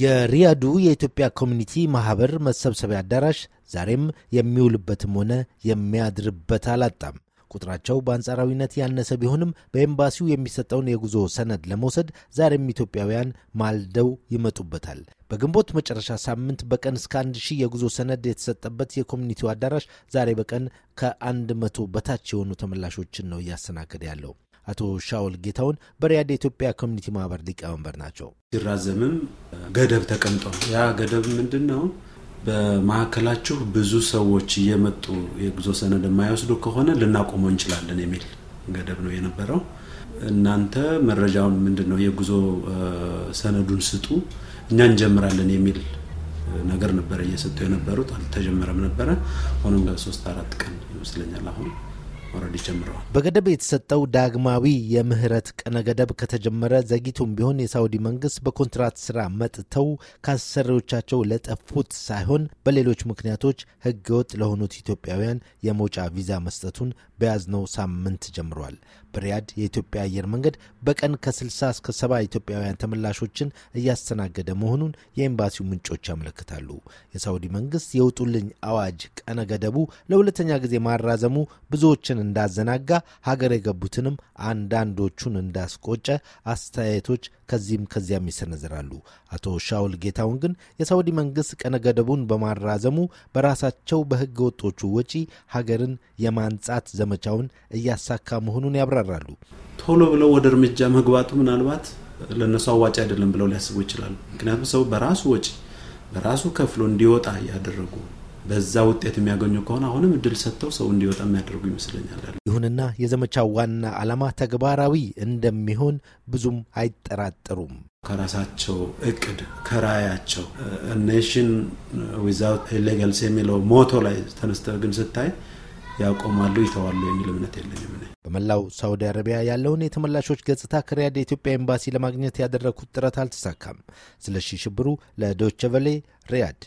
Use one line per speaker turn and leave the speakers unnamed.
የሪያዱ የኢትዮጵያ ኮሚኒቲ ማህበር መሰብሰቢያ አዳራሽ ዛሬም የሚውልበትም ሆነ የሚያድርበት አላጣም። ቁጥራቸው በአንጻራዊነት ያነሰ ቢሆንም በኤምባሲው የሚሰጠውን የጉዞ ሰነድ ለመውሰድ ዛሬም ኢትዮጵያውያን ማልደው ይመጡበታል። በግንቦት መጨረሻ ሳምንት በቀን እስከ አንድ ሺህ የጉዞ ሰነድ የተሰጠበት የኮሚኒቲው አዳራሽ ዛሬ በቀን ከአንድ መቶ በታች የሆኑ ተመላሾችን ነው እያስተናገደ ያለው። አቶ ሻውል ጌታውን በሪያድ የኢትዮጵያ ኮሚኒቲ ማህበር ሊቀመንበር ናቸው።
ሲራዘምም ገደብ ተቀምጧል። ያ ገደብ ምንድን ነው? በመካከላችሁ ብዙ ሰዎች እየመጡ የጉዞ ሰነድ የማይወስዱ ከሆነ ልናቆመው እንችላለን የሚል ገደብ ነው የነበረው። እናንተ መረጃውን ምንድን ነው የጉዞ ሰነዱን ስጡ፣ እኛ እንጀምራለን የሚል ነገር ነበረ እየሰጡ የነበሩት። አልተጀመረም ነበረ። ሆኖም ሶስት አራት ቀን ይመስለኛል አሁን ወረድ ጀምረዋል።
በገደብ የተሰጠው ዳግማዊ የምህረት ቀነ ገደብ ከተጀመረ ዘግይቶም ቢሆን የሳውዲ መንግስት በኮንትራት ስራ መጥተው ከአሰሪዎቻቸው ለጠፉት ሳይሆን በሌሎች ምክንያቶች ህገወጥ ለሆኑት ኢትዮጵያውያን የመውጫ ቪዛ መስጠቱን በያዝነው ሳምንት ጀምሯል። በሪያድ የኢትዮጵያ አየር መንገድ በቀን ከ60 እስከ 70 ኢትዮጵያውያን ተመላሾችን እያስተናገደ መሆኑን የኤምባሲው ምንጮች ያመለክታሉ። የሳውዲ መንግስት የውጡልኝ አዋጅ ቀነ ገደቡ ለሁለተኛ ጊዜ ማራዘሙ ብዙዎችን ብዙዎችን እንዳዘናጋ ሀገር የገቡትንም አንዳንዶቹን እንዳስቆጨ አስተያየቶች ከዚህም ከዚያም ይሰነዝራሉ። አቶ ሻውል ጌታውን ግን የሳውዲ መንግስት ቀነ ገደቡን በማራዘሙ በራሳቸው በህገ ወጦቹ ወጪ ሀገርን የማንጻት ዘመቻውን እያሳካ መሆኑን ያብራራሉ።
ቶሎ ብለው ወደ እርምጃ መግባቱ ምናልባት ለእነሱ አዋጭ አይደለም ብለው ሊያስቡ ይችላሉ። ምክንያቱም ሰው በራሱ ወጪ በራሱ ከፍሎ እንዲወጣ እያደረጉ በዛ ውጤት የሚያገኙ ከሆነ አሁንም እድል ሰጥተው ሰው እንዲወጣ የሚያደርጉ ይመስለኛል። ይሁንና የዘመቻው ዋና ዓላማ ተግባራዊ
እንደሚሆን ብዙም አይጠራጠሩም።
ከራሳቸው እቅድ ከራያቸው ኔሽን ዊዛውት ኢሌጋልስ የሚለው ሞቶ ላይ ተነስተ ግን ስታይ ያቆማሉ ይተዋሉ የሚል እምነት የለኝም። በመላው ሳውዲ አረቢያ ያለውን
የተመላሾች ገጽታ ከሪያድ የኢትዮጵያ ኤምባሲ ለማግኘት ያደረግኩት ጥረት አልተሳካም። ስለሺ ሽብሩ ለዶቸቨሌ ሪያድ